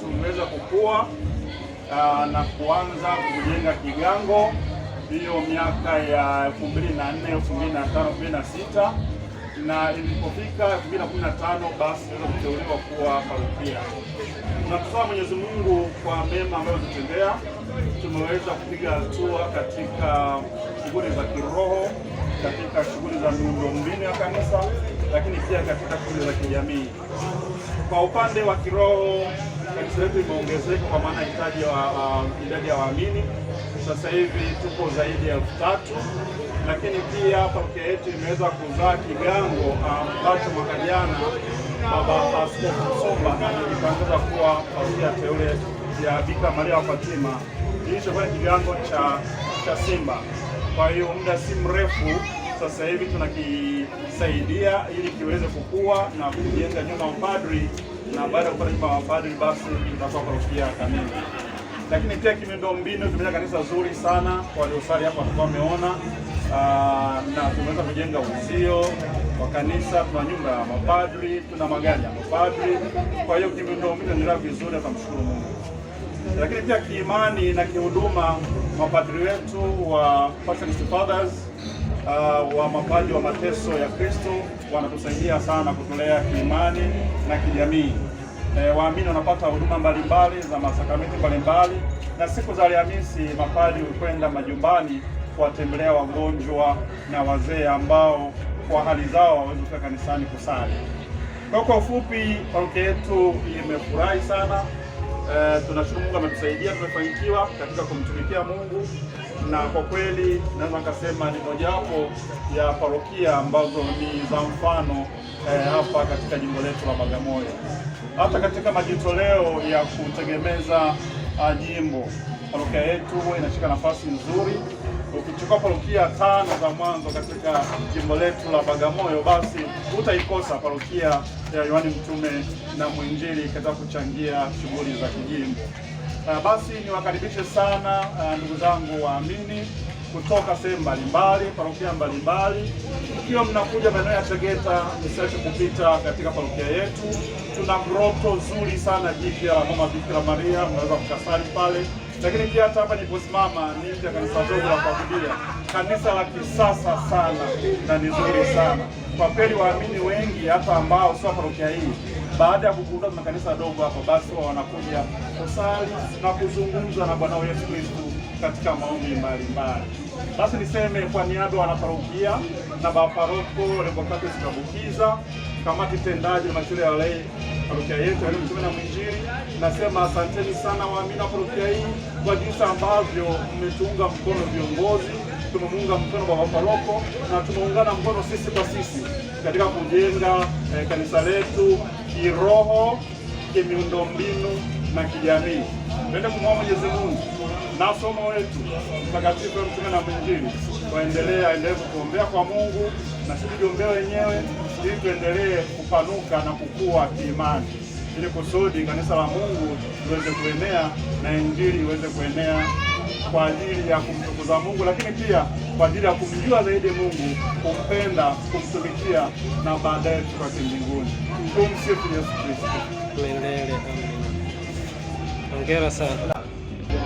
tumeweza kukua uh, na kuanza kujenga kigango hiyo miaka ya 2004, 2005, 2006 na ilipofika 2015 basi tuweza kuteuliwa kuwa parokia. Tunamshukuru Mwenyezi Mungu kwa mema ambayo tutendea. Tumeweza kupiga hatua katika shughuli za kiroho, katika shughuli za miundombinu ya kanisa, lakini pia katika shughuli za kijamii. Kwa upande wa kiroho zetu imeongezeka kwa maana idadi ya waamini sasa hivi tuko zaidi ya elfu tatu lakini pia parokia yetu imeweza kuzaa kigango ah, ambacho mwaka jana baba Askofu Msomba alijitangaza kuwa parokia teule ya Bikira Maria wa Fatima ilichokuwa kigango cha, cha Simba. Kwa hiyo muda si mrefu sasa hivi tunakisaidia ili kiweze kukua na kujenga nyumba ya upadri na baada ya kupata mapadri basi tutakuwa parokia kamili. Lakini pia mbinu tumea kanisa zuri sana kwa waliosali hapa kwa wameona, ah, na tumeweza kujenga uzio wa kanisa, tuna nyumba ya mapadri, tuna magari ya mapadri. Kwa hiyo kimiundombinu inaendelea vizuri, atamshukuru Mungu. Lakini pia kiimani na kihuduma, mapadri wetu wa Passionist Fathers uh, wa mapaji wa mateso ya Kristo wanatusaidia sana kutulea kiimani na kijamii. E, waamini wanapata huduma mbalimbali za masakramenti mbalimbali, na siku za Alhamisi mapaji hukwenda majumbani kuwatembelea wagonjwa na wazee ambao kwa hali zao hawawezi kufika kanisani kusali. Kwa ufupi, parokia yetu imefurahi sana. E, tunashukuru Mungu ametusaidia, tumefanikiwa katika kumtumikia Mungu na kwa kweli naweza nikasema ni mojawapo ya parokia ambazo ni za mfano eh, hapa katika jimbo letu la Bagamoyo. Hata katika majitoleo ya kutegemeza ah, jimbo, parokia yetu inashika nafasi nzuri. Ukichukua parokia tano za mwanzo katika jimbo letu la Bagamoyo, basi utaikosa parokia ya Yohani Mtume na Mwinjili katika kuchangia shughuli za kijimbo. Uh, basi niwakaribishe sana uh, ndugu zangu waamini kutoka sehemu mbalimbali, parokia mbalimbali. Ikiwa mnakuja maeneo ya Tegeta, msiache kupita katika parokia yetu. Tuna groto zuri sana jipya la Mama Bikira Maria, mnaweza kukasali pale, lakini pia hata hapa niliposimama ni nje ya kanisa dogo la kuabudia, kanisa la kisasa sana na ni zuri sana kwa kweli. Waamini wengi hata ambao sio parokia hii baada ya kukutana makanisa dogo hapa, basi wa wanakuja kusali na kuzungumza na Bwana Yesu Kristo katika maombi mbalimbali. Basi niseme kwa niaba wanaparokia na baparoko Revocatus Kabukiza, kamati tendaji na mashule ya lei parokia yetu na mwinjili, nasema asanteni sana waamini wa parokia hii kwa jinsi ambavyo mmetuunga mkono viongozi tumemuunga mkono baba paroko na tumeungana mkono sisi kwa sisi katika kujenga eh, kanisa letu kiroho, kimiundombinu na kijamii. twende kumwomba Mwenyezi Mungu na somo wetu mtakatifu ya mtume na mwinjili waendelee aendelee kuombea kwa Mungu na sisi jiombea wenyewe, ili tuendelee kupanuka na kukua kiimani, ili kusudi kanisa la Mungu liweze kuenea na injili iweze kuenea kwa ajili ya kumtukuza Mungu, lakini pia kwa ajili ya kumjua zaidi Mungu, kumpenda, kumtumikia na baadaye tukwake mbinguni. Tumsifu Yesu Kristo milele. Hongera sana.